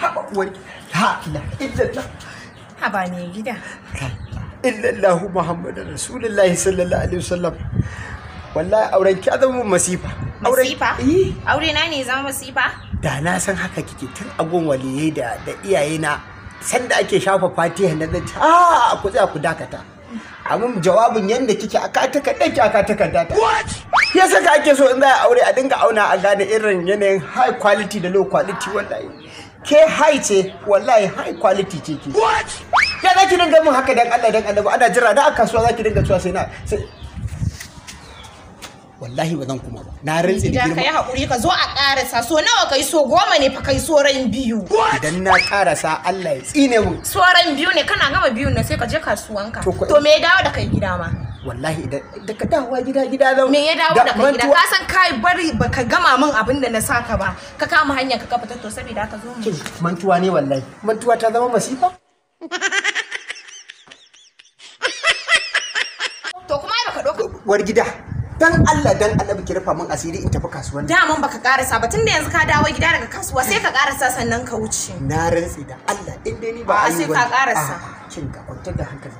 haba uwar ha la illallah haba ne gida illallah muhammadu rasulullahi sallallahu alaihi wasallam wallahi auren ki zama masifa masifa eh. aure na ne zama masifa da na san haka kike tun agon waliyai da da iyaye na sanda ake shafa fatiha na zan a ku tsaya ku dakata amma jawabin yanda kike aka ta kaɗan ki aka ta kaɗata ya saka ake so in za a aure a dinga auna a gane irin yanayin high quality da low quality wallahi ke high ce wallahi high quality ce ke ya za ki dinga min haka dan Allah dan Allah ana jira da aka kasuwa za ki dinga cewa sai na wallahi ba zan kuma ba na rantsi da girma ka hakuri ka zo a karasa so nawa kai so goma ne fa kai soran biyu idan na karasa Allah ya tsine mu soran biyu ne kana gama biyu ne sai ka je kasuwanka to me ya dawo da kai gida ma wallahi idan daga dawowa gida gida zaune me ya dawo da gida ka san kai bari baka gama min abin da na saka ba ka kama hanya ka kafa to saboda ka zo mu mantuwa ne wallahi mantuwa ta zama masifa to kuma ai baka doka war gida dan Allah dan Allah ki rufa min asiri in tafi kasuwa da mun baka karasa ba tunda yanzu ka dawo gida daga kasuwa sai ka karasa sannan ka wuce na rantsi da Allah in dai ni ba a sai ka karasa kin ka kwantar da hankali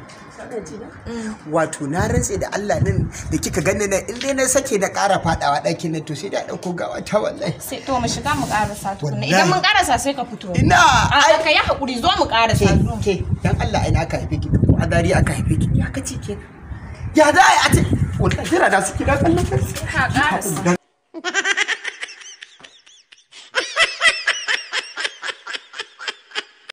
wato na rantse da Allah nan da kika gani na in dai na sake na ƙara fadawa ɗakin nan to sai da ɗauko gawa ta wallahi sai to mu shiga mu ƙarasa tukuna idan mun ƙarasa sai ka fito ina ai ka yi hakuri zo mu ƙarasa ke dan Allah ina aka haife ki ko adari aka haife ki ya kace ke ya da a ce wallahi jira da suke da kallon ka ha ƙarasa